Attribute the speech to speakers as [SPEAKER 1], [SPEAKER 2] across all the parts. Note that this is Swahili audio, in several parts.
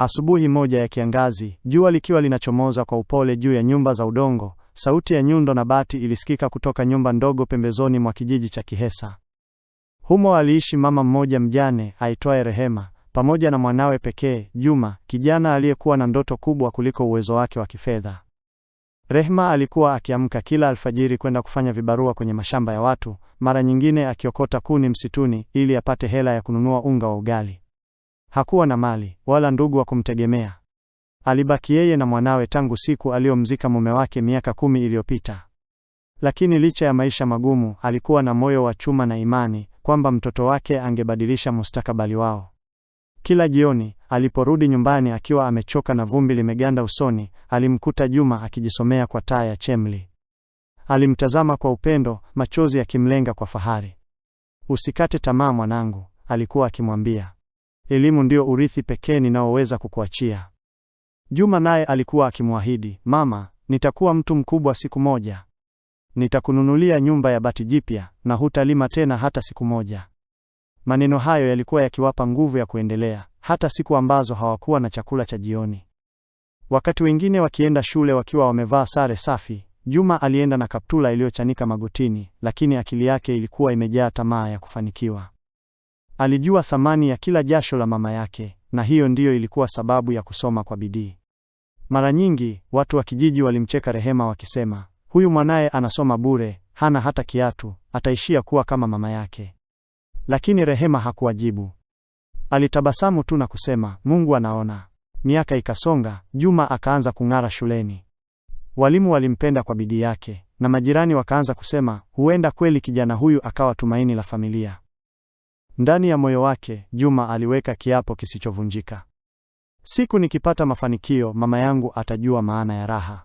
[SPEAKER 1] Asubuhi moja ya kiangazi, jua likiwa linachomoza kwa upole juu ya nyumba za udongo, sauti ya nyundo na bati ilisikika kutoka nyumba ndogo pembezoni mwa kijiji cha Kihesa. Humo aliishi mama mmoja mjane aitwaye Rehema pamoja na mwanawe pekee Juma, kijana aliyekuwa na ndoto kubwa kuliko uwezo wake wa kifedha. Rehema alikuwa akiamka kila alfajiri kwenda kufanya vibarua kwenye mashamba ya watu, mara nyingine akiokota kuni msituni ili apate hela ya kununua unga wa ugali. Hakuwa na mali wala ndugu wa kumtegemea. Alibaki yeye na mwanawe tangu siku aliyomzika mume wake miaka kumi iliyopita. Lakini licha ya maisha magumu, alikuwa na moyo wa chuma na imani kwamba mtoto wake angebadilisha mustakabali wao. Kila jioni aliporudi nyumbani akiwa amechoka na vumbi limeganda usoni, alimkuta Juma akijisomea kwa taa ya chemli. Alimtazama kwa upendo, machozi yakimlenga kwa fahari. Usikate tamaa mwanangu, alikuwa akimwambia. Elimu ndio urithi pekee ninaoweza kukuachia. Juma naye alikuwa akimwahidi, mama, nitakuwa mtu mkubwa siku moja, nitakununulia nyumba ya bati jipya na hutalima tena hata siku moja. Maneno hayo yalikuwa yakiwapa nguvu ya kuendelea, hata siku ambazo hawakuwa na chakula cha jioni. Wakati wengine wakienda shule wakiwa wamevaa sare safi, Juma alienda na kaptula iliyochanika magotini, lakini akili yake ilikuwa imejaa tamaa ya kufanikiwa. Alijua thamani ya kila jasho la mama yake, na hiyo ndiyo ilikuwa sababu ya kusoma kwa bidii. Mara nyingi watu wa kijiji walimcheka Rehema wakisema, huyu mwanaye anasoma bure, hana hata kiatu, ataishia kuwa kama mama yake. Lakini Rehema hakuwajibu. Alitabasamu tu na kusema, Mungu anaona. Miaka ikasonga, Juma akaanza kung'ara shuleni. Walimu walimpenda kwa bidii yake, na majirani wakaanza kusema, huenda kweli kijana huyu akawa tumaini la familia. Ndani ya moyo wake Juma aliweka kiapo kisichovunjika: siku nikipata mafanikio, mama yangu atajua maana ya raha.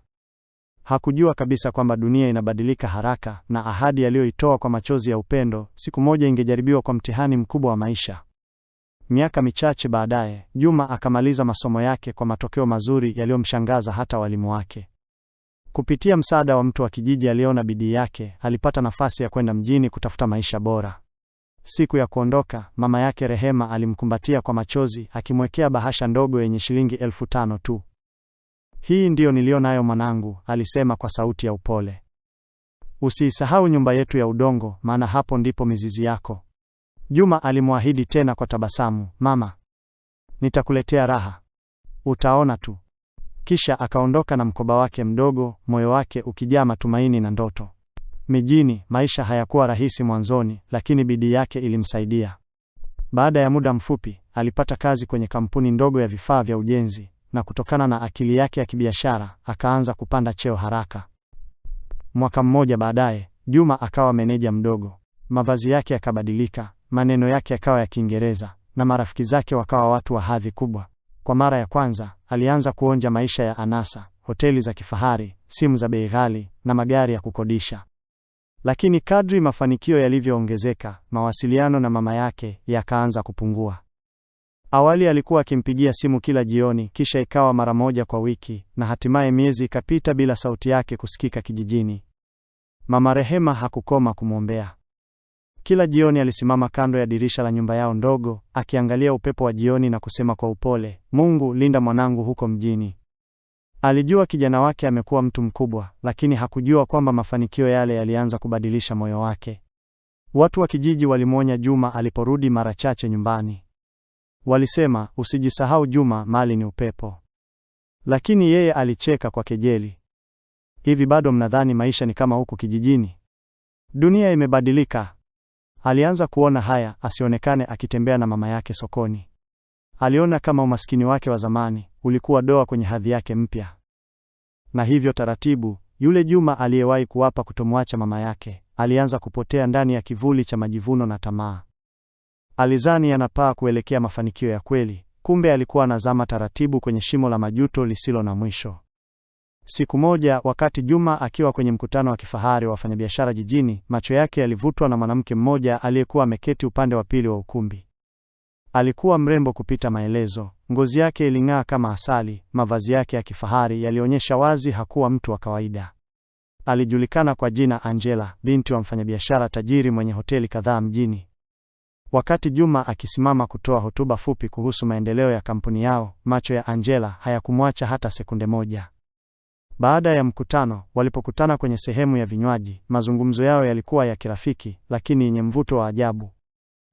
[SPEAKER 1] Hakujua kabisa kwamba dunia inabadilika haraka na ahadi aliyoitoa kwa machozi ya upendo siku moja ingejaribiwa kwa mtihani mkubwa wa maisha. Miaka michache baadaye, Juma akamaliza masomo yake kwa matokeo mazuri yaliyomshangaza hata walimu wake. Kupitia msaada wa mtu wa kijiji aliyeona bidii yake, alipata nafasi ya kwenda mjini kutafuta maisha bora. Siku ya kuondoka, mama yake Rehema alimkumbatia kwa machozi, akimwekea bahasha ndogo yenye shilingi elfu tano tu. Hii ndiyo niliyo nayo mwanangu, alisema kwa sauti ya upole. Usiisahau nyumba yetu ya udongo, maana hapo ndipo mizizi yako. Juma alimwahidi tena kwa tabasamu, mama, nitakuletea raha, utaona tu. Kisha akaondoka na mkoba wake mdogo, moyo wake ukijaa matumaini na ndoto. Mijini maisha hayakuwa rahisi mwanzoni, lakini bidii yake ilimsaidia. Baada ya muda mfupi, alipata kazi kwenye kampuni ndogo ya vifaa vya ujenzi, na kutokana na akili yake ya kibiashara akaanza kupanda cheo haraka. Mwaka mmoja baadaye, Juma akawa meneja mdogo. Mavazi yake yakabadilika, maneno yake yakawa ya Kiingereza na marafiki zake wakawa watu wa hadhi kubwa. Kwa mara ya kwanza alianza kuonja maisha ya anasa, hoteli za kifahari, simu za bei ghali na magari ya kukodisha. Lakini kadri mafanikio yalivyoongezeka, mawasiliano na mama yake yakaanza kupungua. Awali alikuwa akimpigia simu kila jioni, kisha ikawa mara moja kwa wiki, na hatimaye miezi ikapita bila sauti yake kusikika kijijini. Mama Rehema hakukoma kumwombea. Kila jioni alisimama kando ya dirisha la nyumba yao ndogo, akiangalia upepo wa jioni na kusema kwa upole, Mungu linda mwanangu huko mjini. Alijua kijana wake amekuwa mtu mkubwa, lakini hakujua kwamba mafanikio yale yalianza kubadilisha moyo wake. Watu wa kijiji walimwonya Juma aliporudi mara chache nyumbani. Walisema, usijisahau Juma, mali ni upepo. Lakini yeye alicheka kwa kejeli. Hivi bado mnadhani maisha ni kama huku kijijini? Dunia imebadilika. Alianza kuona haya asionekane akitembea na mama yake sokoni. Aliona kama umaskini wake wa zamani ulikuwa doa kwenye hadhi yake mpya, na hivyo taratibu, yule Juma aliyewahi kuapa kutomwacha mama yake alianza kupotea ndani ya kivuli cha majivuno na tamaa. Alizani anapaa kuelekea mafanikio ya kweli, kumbe alikuwa anazama taratibu kwenye shimo la majuto lisilo na mwisho. Siku moja, wakati Juma akiwa kwenye mkutano wa kifahari wa wafanyabiashara jijini, macho yake yalivutwa na mwanamke mmoja aliyekuwa ameketi upande wa pili wa ukumbi. Alikuwa mrembo kupita maelezo, ngozi yake iling'aa kama asali, mavazi yake ya kifahari yalionyesha wazi hakuwa mtu wa kawaida. Alijulikana kwa jina Angela, binti wa mfanyabiashara tajiri mwenye hoteli kadhaa mjini. Wakati Juma akisimama kutoa hotuba fupi kuhusu maendeleo ya kampuni yao, macho ya Angela hayakumwacha hata sekunde moja. Baada ya mkutano, walipokutana kwenye sehemu ya vinywaji, mazungumzo yao yalikuwa ya kirafiki, lakini yenye mvuto wa ajabu.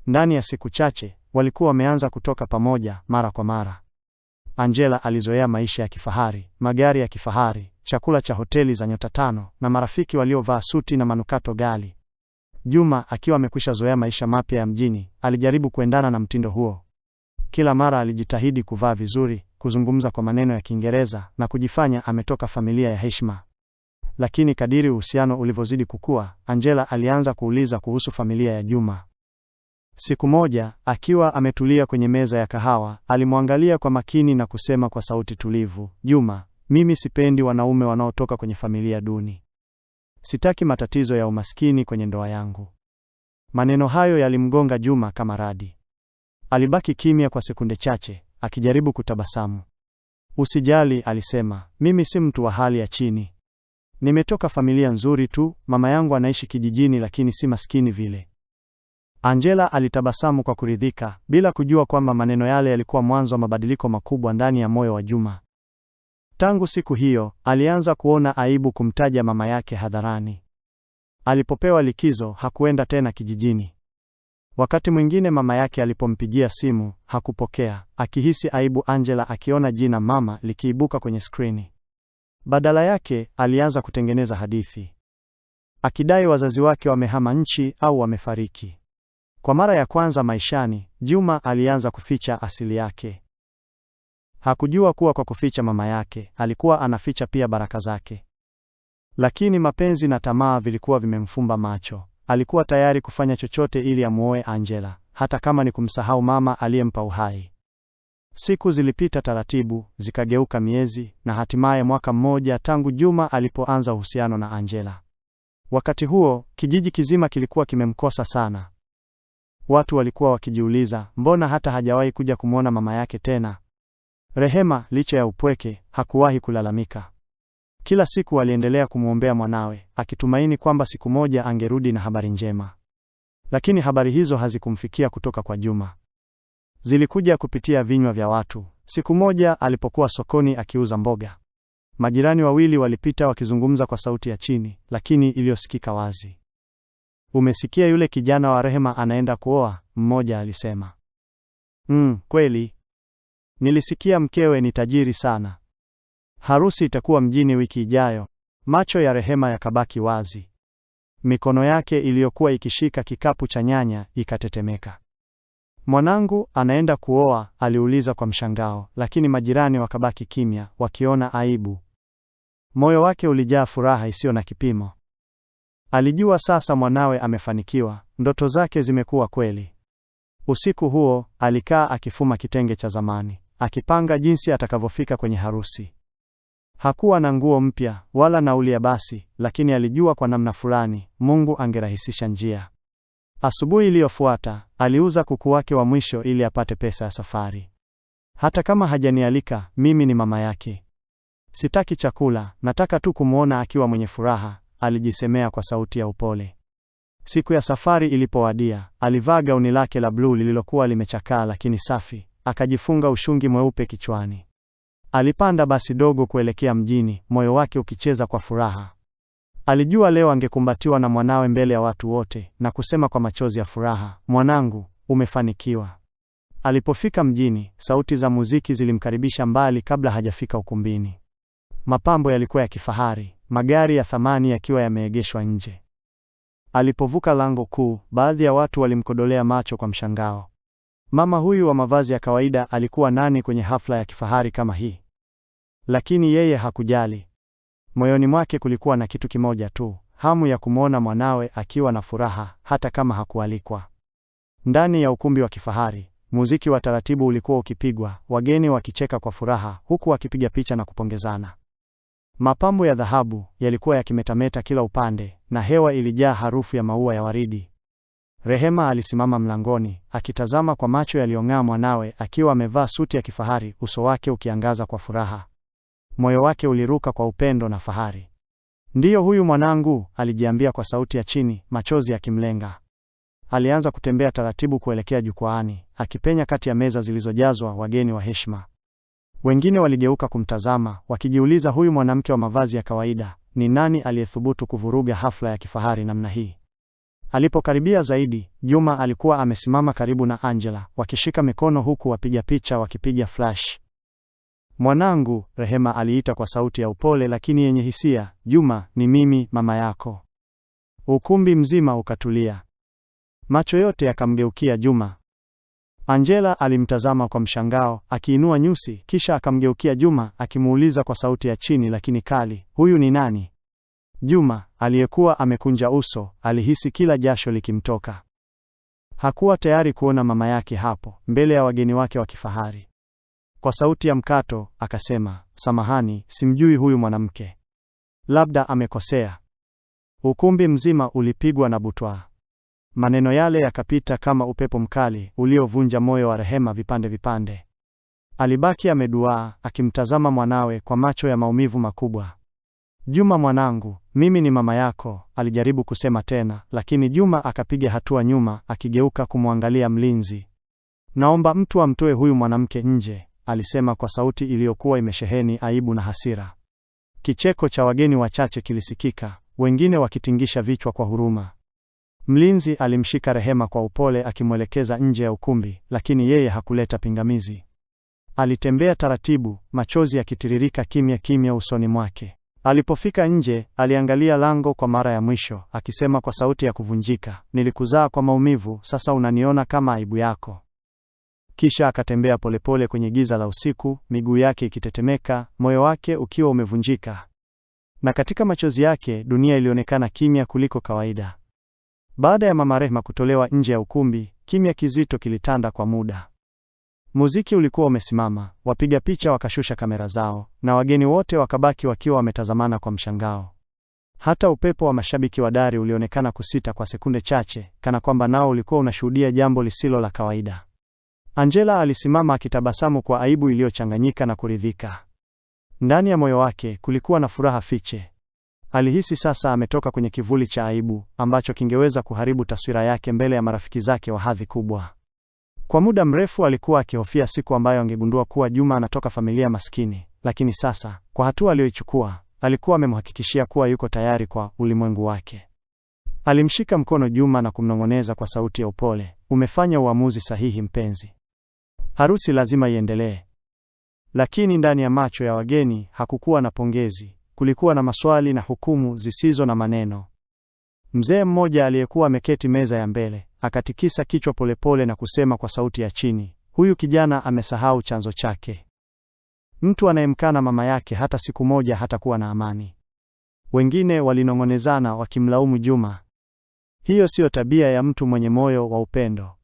[SPEAKER 1] Ndani ya siku chache Walikuwa wameanza kutoka pamoja mara kwa mara. Angela alizoea maisha ya kifahari, magari ya kifahari, chakula cha hoteli za nyota tano na marafiki waliovaa suti na manukato gali Juma akiwa amekwisha zoea maisha mapya ya mjini, alijaribu kuendana na mtindo huo. Kila mara alijitahidi kuvaa vizuri, kuzungumza kwa maneno ya Kiingereza na kujifanya ametoka familia ya heshima. Lakini kadiri uhusiano ulivyozidi kukua, Angela alianza kuuliza kuhusu familia ya Juma. Siku moja, akiwa ametulia kwenye meza ya kahawa, alimwangalia kwa makini na kusema kwa sauti tulivu, Juma, mimi sipendi wanaume wanaotoka kwenye familia duni. Sitaki matatizo ya umaskini kwenye ndoa yangu. Maneno hayo yalimgonga Juma kama radi. Alibaki kimya kwa sekunde chache, akijaribu kutabasamu. Usijali, alisema, mimi si mtu wa hali ya chini. Nimetoka familia nzuri tu, mama yangu anaishi kijijini lakini si maskini vile. Angela alitabasamu kwa kuridhika, bila kujua kwamba maneno yale yalikuwa mwanzo wa mabadiliko makubwa ndani ya moyo wa Juma. Tangu siku hiyo, alianza kuona aibu kumtaja mama yake hadharani. Alipopewa likizo, hakuenda tena kijijini. Wakati mwingine mama yake alipompigia simu, hakupokea, akihisi aibu Angela akiona jina mama likiibuka kwenye skrini. Badala yake, alianza kutengeneza hadithi. Akidai wazazi wake wamehama nchi au wamefariki. Kwa mara ya kwanza maishani, Juma alianza kuficha asili yake. Hakujua kuwa kwa kuficha mama yake, alikuwa anaficha pia baraka zake. Lakini mapenzi na tamaa vilikuwa vimemfumba macho. Alikuwa tayari kufanya chochote ili amuoe Angela, hata kama ni kumsahau mama aliyempa uhai. Siku zilipita taratibu, zikageuka miezi na hatimaye mwaka mmoja tangu Juma alipoanza uhusiano na Angela. Wakati huo, kijiji kizima kilikuwa kimemkosa sana. Watu walikuwa wakijiuliza, mbona hata hajawahi kuja kumwona mama yake tena? Rehema, licha ya upweke, hakuwahi kulalamika. Kila siku aliendelea kumwombea mwanawe, akitumaini kwamba siku moja angerudi na habari njema. Lakini habari hizo hazikumfikia kutoka kwa Juma. Zilikuja kupitia vinywa vya watu. Siku moja alipokuwa sokoni akiuza mboga, majirani wawili walipita wakizungumza kwa sauti ya chini, lakini iliyosikika wazi. Umesikia yule kijana wa Rehema anaenda kuoa? Mmoja alisema. Mm, kweli. Nilisikia mkewe ni tajiri sana. Harusi itakuwa mjini wiki ijayo. Macho ya Rehema yakabaki wazi. Mikono yake iliyokuwa ikishika kikapu cha nyanya ikatetemeka. Mwanangu anaenda kuoa? aliuliza kwa mshangao, lakini majirani wakabaki kimya, wakiona aibu. Moyo wake ulijaa furaha isiyo na kipimo. Alijua sasa mwanawe amefanikiwa, ndoto zake zimekuwa kweli. Usiku huo alikaa akifuma kitenge cha zamani, akipanga jinsi atakavyofika kwenye harusi. Hakuwa na nguo mpya wala nauli ya basi, lakini alijua kwa namna fulani Mungu angerahisisha njia. Asubuhi iliyofuata aliuza kuku wake wa mwisho ili apate pesa ya safari. Hata kama hajanialika, mimi ni mama yake. Sitaki chakula, nataka tu kumwona akiwa mwenye furaha, alijisemea kwa sauti ya upole. Siku ya safari ilipowadia, alivaa gauni lake la bluu lililokuwa limechakaa lakini safi, akajifunga ushungi mweupe kichwani. Alipanda basi dogo kuelekea mjini, moyo wake ukicheza kwa furaha. Alijua leo angekumbatiwa na mwanawe mbele ya watu wote na kusema kwa machozi ya furaha, mwanangu, umefanikiwa. Alipofika mjini, sauti za muziki zilimkaribisha mbali kabla hajafika ukumbini. Mapambo yalikuwa ya kifahari, magari ya thamani yakiwa yameegeshwa nje. Alipovuka lango kuu, baadhi ya watu walimkodolea macho kwa mshangao. Mama huyu wa mavazi ya kawaida alikuwa nani kwenye hafla ya kifahari kama hii? Lakini yeye hakujali. Moyoni mwake kulikuwa na kitu kimoja tu, hamu ya kumwona mwanawe akiwa na furaha hata kama hakualikwa. Ndani ya ukumbi wa kifahari, muziki wa taratibu ulikuwa ukipigwa, wageni wakicheka kwa furaha, huku wakipiga picha na kupongezana. Mapambo ya dhahabu yalikuwa yakimetameta kila upande na hewa ilijaa harufu ya maua ya waridi. Rehema alisimama mlangoni akitazama kwa macho yaliyong'aa mwanawe akiwa amevaa suti ya kifahari, uso wake ukiangaza kwa furaha. Moyo wake uliruka kwa upendo na fahari. Ndiyo huyu mwanangu, alijiambia kwa sauti ya chini, machozi yakimlenga. Alianza kutembea taratibu kuelekea jukwaani, akipenya kati ya meza zilizojazwa wageni wa heshima. Wengine waligeuka kumtazama wakijiuliza, huyu mwanamke wa mavazi ya kawaida ni nani aliyethubutu kuvuruga hafla ya kifahari namna hii? Alipokaribia zaidi, Juma alikuwa amesimama karibu na Angela wakishika mikono, huku wapiga picha wakipiga flash. Mwanangu, Rehema aliita kwa sauti ya upole lakini yenye hisia, Juma, ni mimi mama yako. Ukumbi mzima ukatulia, macho yote yakamgeukia Juma Angela alimtazama kwa mshangao, akiinua nyusi, kisha akamgeukia Juma akimuuliza kwa sauti ya chini lakini kali, huyu ni nani? Juma aliyekuwa amekunja uso alihisi kila jasho likimtoka. Hakuwa tayari kuona mama yake hapo mbele ya wageni wake wa kifahari. Kwa sauti ya mkato akasema, samahani, simjui huyu mwanamke, labda amekosea. Ukumbi mzima ulipigwa na butwaa. Maneno yale yakapita kama upepo mkali uliovunja moyo wa Rehema vipande vipande. Alibaki ameduaa akimtazama mwanawe kwa macho ya maumivu makubwa. Juma mwanangu, mimi ni mama yako, alijaribu kusema tena, lakini Juma akapiga hatua nyuma akigeuka kumwangalia mlinzi. Naomba mtu amtoe huyu mwanamke nje, alisema kwa sauti iliyokuwa imesheheni aibu na hasira. Kicheko cha wageni wachache kilisikika, wengine wakitingisha vichwa kwa huruma. Mlinzi alimshika Rehema kwa upole akimwelekeza nje ya ukumbi, lakini yeye hakuleta pingamizi. Alitembea taratibu, machozi yakitiririka kimya kimya usoni mwake. Alipofika nje, aliangalia lango kwa mara ya mwisho, akisema kwa sauti ya kuvunjika, nilikuzaa kwa maumivu, sasa unaniona kama aibu yako. Kisha akatembea polepole kwenye giza la usiku, miguu yake ikitetemeka, moyo wake ukiwa umevunjika, na katika machozi yake dunia ilionekana kimya kuliko kawaida. Baada ya Mama Rehma kutolewa nje ya ukumbi, kimya kizito kilitanda kwa muda. Muziki ulikuwa umesimama, wapiga picha wakashusha kamera zao, na wageni wote wakabaki wakiwa wametazamana kwa mshangao. Hata upepo wa mashabiki wa dari ulionekana kusita kwa sekunde chache, kana kwamba nao ulikuwa unashuhudia jambo lisilo la kawaida. Angela alisimama akitabasamu kwa aibu iliyochanganyika na kuridhika. Ndani ya moyo wake kulikuwa na furaha fiche, Alihisi sasa ametoka kwenye kivuli cha aibu ambacho kingeweza kuharibu taswira yake mbele ya marafiki zake wa hadhi kubwa. Kwa muda mrefu alikuwa akihofia siku ambayo angegundua kuwa Juma anatoka familia maskini, lakini sasa, kwa hatua aliyoichukua, alikuwa amemhakikishia kuwa yuko tayari kwa ulimwengu wake. Alimshika mkono Juma na kumnong'oneza kwa sauti ya upole, umefanya uamuzi sahihi mpenzi, harusi lazima iendelee. Lakini ndani ya macho ya wageni hakukuwa na pongezi, kulikuwa na maswali na hukumu zisizo na maneno. Mzee mmoja aliyekuwa ameketi meza ya mbele akatikisa kichwa polepole na kusema kwa sauti ya chini, huyu kijana amesahau chanzo chake. Mtu anayemkana mama yake hata siku moja hatakuwa na amani. Wengine walinong'onezana wakimlaumu Juma. Hiyo siyo tabia ya mtu mwenye moyo wa upendo.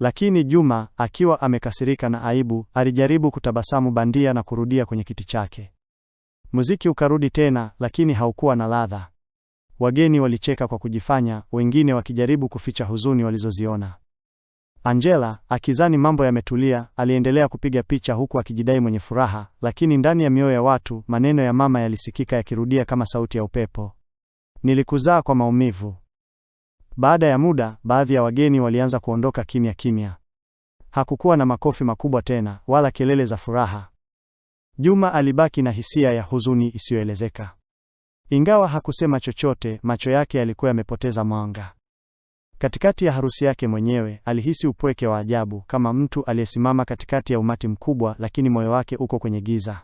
[SPEAKER 1] Lakini Juma akiwa amekasirika na aibu, alijaribu kutabasamu bandia na kurudia kwenye kiti chake. Muziki ukarudi tena, lakini haukuwa na ladha. Wageni walicheka kwa kujifanya, wengine wakijaribu kuficha huzuni walizoziona. Angela akizani mambo yametulia, aliendelea kupiga picha huku akijidai mwenye furaha, lakini ndani ya mioyo ya watu maneno ya mama yalisikika yakirudia kama sauti ya upepo, nilikuzaa kwa maumivu. Baada ya muda, baadhi ya wageni walianza kuondoka kimya kimya. Hakukuwa na makofi makubwa tena wala kelele za furaha. Juma alibaki na hisia ya huzuni isiyoelezeka. Ingawa hakusema chochote, macho yake yalikuwa yamepoteza mwanga. Katikati ya harusi yake mwenyewe, alihisi upweke wa ajabu, kama mtu aliyesimama katikati ya umati mkubwa, lakini moyo wake uko kwenye giza.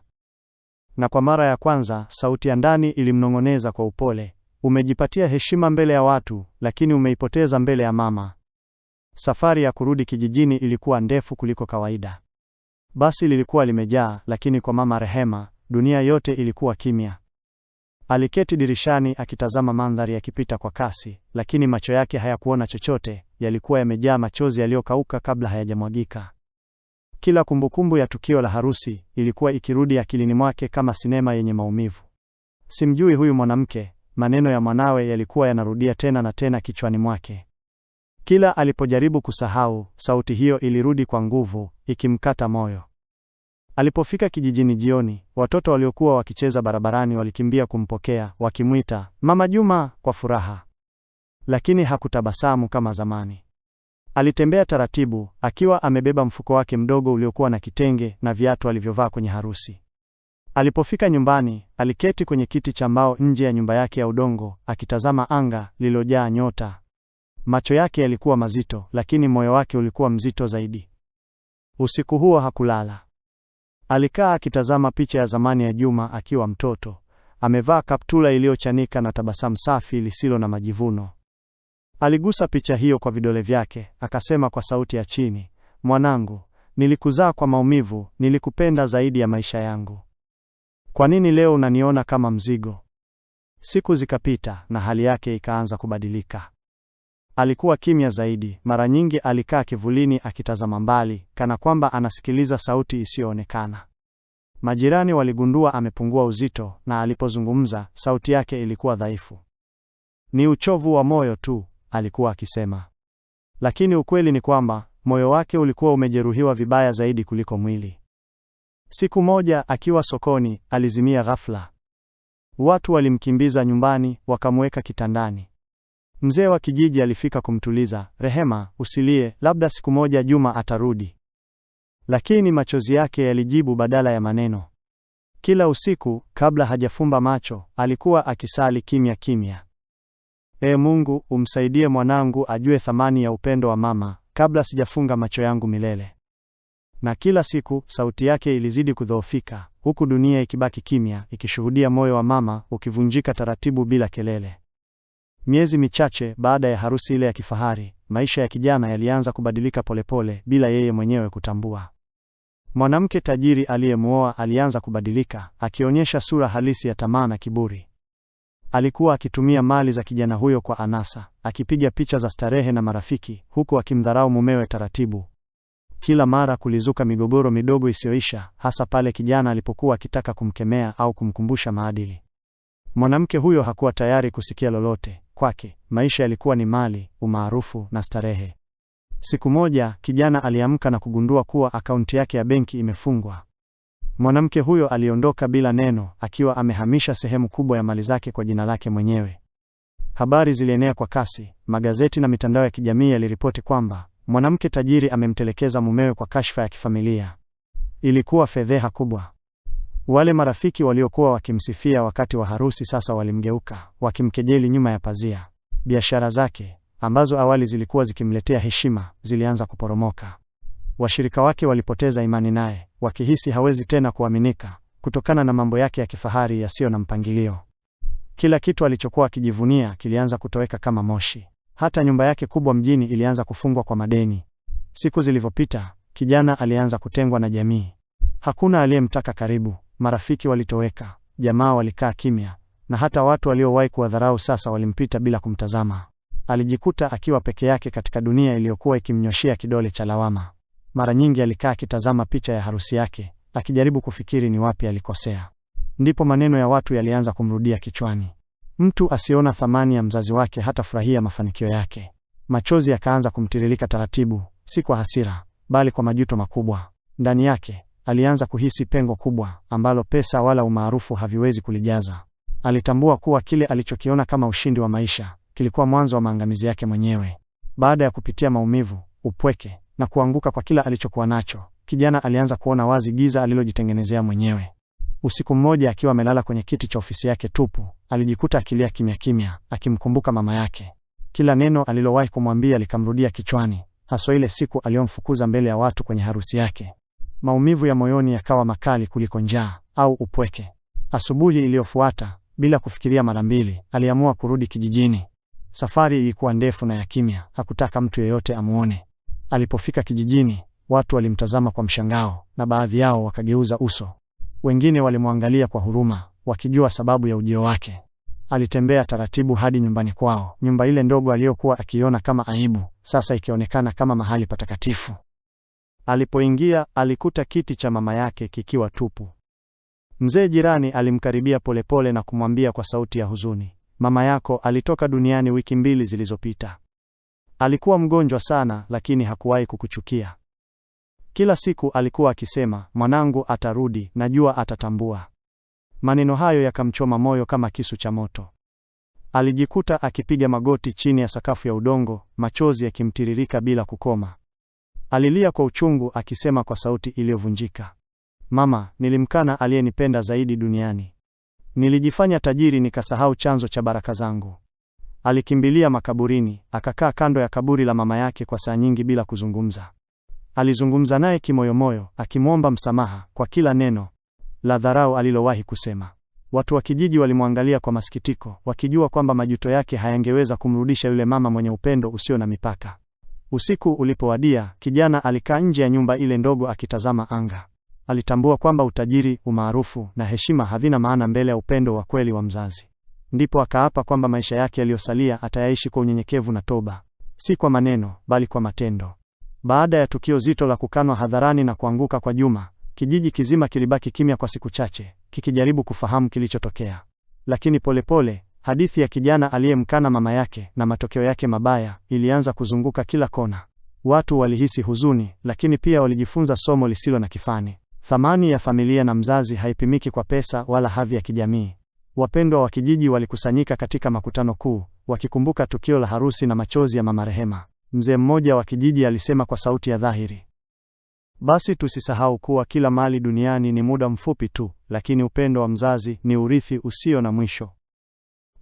[SPEAKER 1] Na kwa mara ya kwanza, sauti ya ndani ilimnong'oneza kwa upole, umejipatia heshima mbele ya watu, lakini umeipoteza mbele ya mama. Safari ya kurudi kijijini ilikuwa ndefu kuliko kawaida. Basi lilikuwa limejaa, lakini kwa mama Rehema dunia yote ilikuwa kimya. Aliketi dirishani akitazama mandhari yakipita kwa kasi, lakini macho yake hayakuona chochote, yalikuwa yamejaa machozi yaliyokauka kabla hayajamwagika. Kila kumbukumbu ya tukio la harusi ilikuwa ikirudi akilini mwake kama sinema yenye maumivu. Simjui huyu mwanamke, maneno ya mwanawe yalikuwa yanarudia tena na tena kichwani mwake. Kila alipojaribu kusahau, sauti hiyo ilirudi kwa nguvu, ikimkata moyo. Alipofika kijijini jioni, watoto waliokuwa wakicheza barabarani walikimbia kumpokea, wakimwita Mama Juma kwa furaha. Lakini hakutabasamu kama zamani. Alitembea taratibu, akiwa amebeba mfuko wake mdogo uliokuwa na kitenge na viatu alivyovaa kwenye harusi. Alipofika nyumbani, aliketi kwenye kiti cha mbao nje ya nyumba yake ya udongo, akitazama anga lililojaa nyota. Macho yake yalikuwa mazito, lakini moyo wake ulikuwa mzito zaidi. Usiku huo hakulala. Alikaa akitazama picha ya zamani ya Juma akiwa mtoto, amevaa kaptula iliyochanika na tabasamu safi lisilo na majivuno. Aligusa picha hiyo kwa vidole vyake, akasema kwa sauti ya chini, mwanangu, nilikuzaa kwa maumivu, nilikupenda zaidi ya maisha yangu. Kwa nini leo unaniona kama mzigo? Siku zikapita na hali yake ikaanza kubadilika. Alikuwa kimya zaidi, mara nyingi alikaa kivulini akitazama mbali, kana kwamba anasikiliza sauti isiyoonekana. Majirani waligundua amepungua uzito, na alipozungumza sauti yake ilikuwa dhaifu. Ni uchovu wa moyo tu, alikuwa akisema, lakini ukweli ni kwamba moyo wake ulikuwa umejeruhiwa vibaya zaidi kuliko mwili. Siku moja akiwa sokoni, alizimia ghafla. Watu walimkimbiza nyumbani, wakamweka kitandani. Mzee wa kijiji alifika kumtuliza, "Rehema, usilie, labda siku moja Juma atarudi." Lakini machozi yake yalijibu badala ya maneno. Kila usiku kabla hajafumba macho, alikuwa akisali kimya kimya. Ee Mungu, umsaidie mwanangu ajue thamani ya upendo wa mama kabla sijafunga macho yangu milele. Na kila siku sauti yake ilizidi kudhoofika, huku dunia ikibaki kimya, ikishuhudia moyo wa mama ukivunjika taratibu bila kelele. Miezi michache baada ya harusi ile ya kifahari, maisha ya kijana yalianza kubadilika polepole bila yeye mwenyewe kutambua. Mwanamke tajiri aliyemwoa alianza kubadilika, akionyesha sura halisi ya tamaa na kiburi. Alikuwa akitumia mali za kijana huyo kwa anasa, akipiga picha za starehe na marafiki, huku akimdharau mumewe taratibu. Kila mara kulizuka migogoro midogo isiyoisha, hasa pale kijana alipokuwa akitaka kumkemea au kumkumbusha maadili. Mwanamke huyo hakuwa tayari kusikia lolote. Kwake maisha yalikuwa ni mali, umaarufu na starehe. Siku moja kijana aliamka na kugundua kuwa akaunti yake ya benki imefungwa. Mwanamke huyo aliondoka bila neno, akiwa amehamisha sehemu kubwa ya mali zake kwa jina lake mwenyewe. Habari zilienea kwa kasi, magazeti na mitandao ya kijamii yaliripoti kwamba mwanamke tajiri amemtelekeza mumewe kwa kashfa ya kifamilia. Ilikuwa fedheha kubwa. Wale marafiki waliokuwa wakimsifia wakati wa harusi sasa walimgeuka, wakimkejeli nyuma ya pazia. Biashara zake ambazo awali zilikuwa zikimletea heshima zilianza kuporomoka. Washirika wake walipoteza imani naye, wakihisi hawezi tena kuaminika kutokana na mambo yake ya kifahari yasiyo na mpangilio. Kila kitu alichokuwa akijivunia kilianza kutoweka kama moshi. Hata nyumba yake kubwa mjini ilianza kufungwa kwa madeni. Siku zilivyopita, kijana alianza kutengwa na jamii. Hakuna aliyemtaka karibu. Marafiki walitoweka, jamaa walikaa kimya, na hata watu waliowahi kuwadharau sasa walimpita bila kumtazama. Alijikuta akiwa peke yake katika dunia iliyokuwa ikimnyoshea kidole cha lawama. Mara nyingi alikaa akitazama picha ya harusi yake, akijaribu kufikiri ni wapi alikosea. Ndipo maneno ya watu yalianza kumrudia kichwani. Mtu asiona thamani ya mzazi wake hata furahia mafanikio yake. Machozi yakaanza kumtiririka taratibu, si kwa hasira, bali kwa majuto makubwa. Ndani yake alianza kuhisi pengo kubwa ambalo pesa wala umaarufu haviwezi kulijaza. Alitambua kuwa kile alichokiona kama ushindi wa maisha kilikuwa mwanzo wa maangamizi yake mwenyewe. Baada ya kupitia maumivu, upweke na kuanguka kwa kila alichokuwa nacho, kijana alianza kuona wazi giza alilojitengenezea mwenyewe. Usiku mmoja, akiwa amelala kwenye kiti cha ofisi yake tupu, alijikuta akilia kimya kimya, akimkumbuka mama yake. Kila neno alilowahi kumwambia likamrudia kichwani, haswa ile siku aliyomfukuza mbele ya watu kwenye harusi yake maumivu ya moyoni yakawa makali kuliko njaa au upweke. Asubuhi iliyofuata, bila kufikiria mara mbili, aliamua kurudi kijijini. Safari ilikuwa ndefu na ya kimya, hakutaka mtu yeyote amuone. Alipofika kijijini, watu walimtazama kwa mshangao na baadhi yao wakageuza uso. Wengine walimwangalia kwa huruma, wakijua sababu ya ujio wake. Alitembea taratibu hadi nyumbani kwao. Nyumba ile ndogo aliyokuwa akiona kama aibu, sasa ikionekana kama mahali patakatifu. Alipoingia alikuta kiti cha mama yake kikiwa tupu. Mzee jirani alimkaribia polepole na kumwambia kwa sauti ya huzuni, mama yako alitoka duniani wiki mbili zilizopita. Alikuwa mgonjwa sana, lakini hakuwahi kukuchukia. Kila siku alikuwa akisema, mwanangu atarudi, najua atatambua. Maneno hayo yakamchoma moyo kama kisu cha moto. Alijikuta akipiga magoti chini ya sakafu ya udongo, machozi yakimtiririka bila kukoma. Alilia kwa uchungu akisema kwa sauti iliyovunjika, mama, nilimkana aliyenipenda zaidi duniani, nilijifanya tajiri nikasahau chanzo cha baraka zangu. Alikimbilia makaburini, akakaa kando ya kaburi la mama yake kwa saa nyingi bila kuzungumza. Alizungumza naye kimoyomoyo, akimwomba msamaha kwa kila neno la dharau alilowahi kusema. Watu wa kijiji walimwangalia kwa masikitiko, wakijua kwamba majuto yake hayangeweza kumrudisha yule mama mwenye upendo usio na mipaka. Usiku ulipowadia, kijana alikaa nje ya nyumba ile ndogo akitazama anga. Alitambua kwamba utajiri, umaarufu na heshima havina maana mbele ya upendo wa kweli wa mzazi. Ndipo akaapa kwamba maisha yake yaliyosalia atayaishi kwa unyenyekevu na toba, si kwa maneno bali kwa matendo. Baada ya tukio zito la kukanwa hadharani na kuanguka kwa Juma, kijiji kizima kilibaki kimya kwa siku chache, kikijaribu kufahamu kilichotokea. Lakini polepole pole, Hadithi ya kijana aliyemkana mama yake na matokeo yake mabaya ilianza kuzunguka kila kona. Watu walihisi huzuni, lakini pia walijifunza somo lisilo na kifani. Thamani ya familia na mzazi haipimiki kwa pesa wala hadhi ya kijamii. Wapendwa wa kijiji walikusanyika katika makutano kuu, wakikumbuka tukio la harusi na machozi ya mama Rehema. Mzee mmoja wa kijiji alisema kwa sauti ya dhahiri, basi tusisahau kuwa kila mali duniani ni muda mfupi tu, lakini upendo wa mzazi ni urithi usio na mwisho.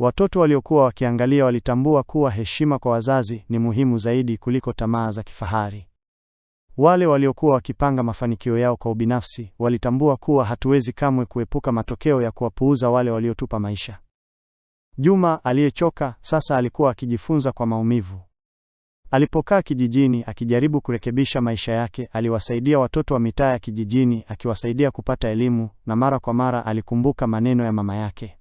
[SPEAKER 1] Watoto waliokuwa wakiangalia walitambua kuwa heshima kwa wazazi ni muhimu zaidi kuliko tamaa za kifahari. Wale waliokuwa wakipanga mafanikio yao kwa ubinafsi walitambua kuwa hatuwezi kamwe kuepuka matokeo ya kuwapuuza wale waliotupa maisha. Juma aliyechoka sasa alikuwa akijifunza kwa maumivu. Alipokaa kijijini akijaribu kurekebisha maisha yake, aliwasaidia watoto wa mitaa ya kijijini, akiwasaidia kupata elimu, na mara kwa mara alikumbuka maneno ya mama yake.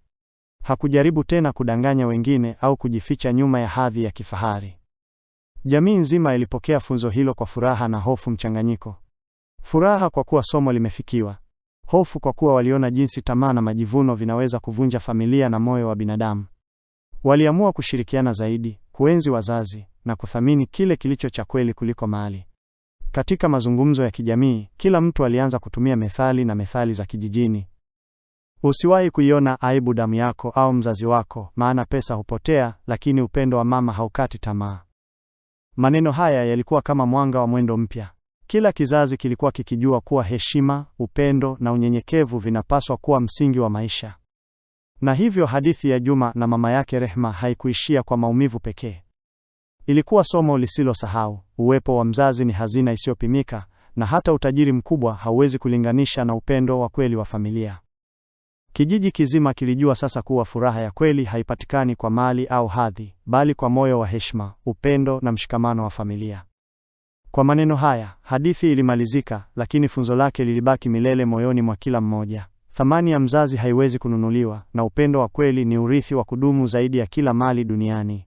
[SPEAKER 1] Hakujaribu tena kudanganya wengine au kujificha nyuma ya hadhi ya kifahari. Jamii nzima ilipokea funzo hilo kwa furaha na hofu mchanganyiko. Furaha kwa kuwa somo limefikiwa, hofu kwa kuwa waliona jinsi tamaa na majivuno vinaweza kuvunja familia na moyo wa binadamu. Waliamua kushirikiana zaidi, kuenzi wazazi na kuthamini kile kilicho cha kweli kuliko mali. Katika mazungumzo ya kijamii, kila mtu alianza kutumia methali na methali za kijijini Usiwahi kuiona aibu damu yako au mzazi wako, maana pesa hupotea, lakini upendo wa mama haukati tamaa. Maneno haya yalikuwa kama mwanga wa mwendo mpya. Kila kizazi kilikuwa kikijua kuwa heshima, upendo na unyenyekevu vinapaswa kuwa msingi wa maisha. Na hivyo hadithi ya Juma na mama yake Rehma haikuishia kwa maumivu pekee. Ilikuwa somo lisilosahau: uwepo wa mzazi ni hazina isiyopimika, na hata utajiri mkubwa hauwezi kulinganisha na upendo wa kweli wa familia. Kijiji kizima kilijua sasa kuwa furaha ya kweli haipatikani kwa mali au hadhi, bali kwa moyo wa heshima, upendo na mshikamano wa familia. Kwa maneno haya, hadithi ilimalizika, lakini funzo lake lilibaki milele moyoni mwa kila mmoja. Thamani ya mzazi haiwezi kununuliwa, na upendo wa kweli ni urithi wa kudumu zaidi ya kila mali duniani.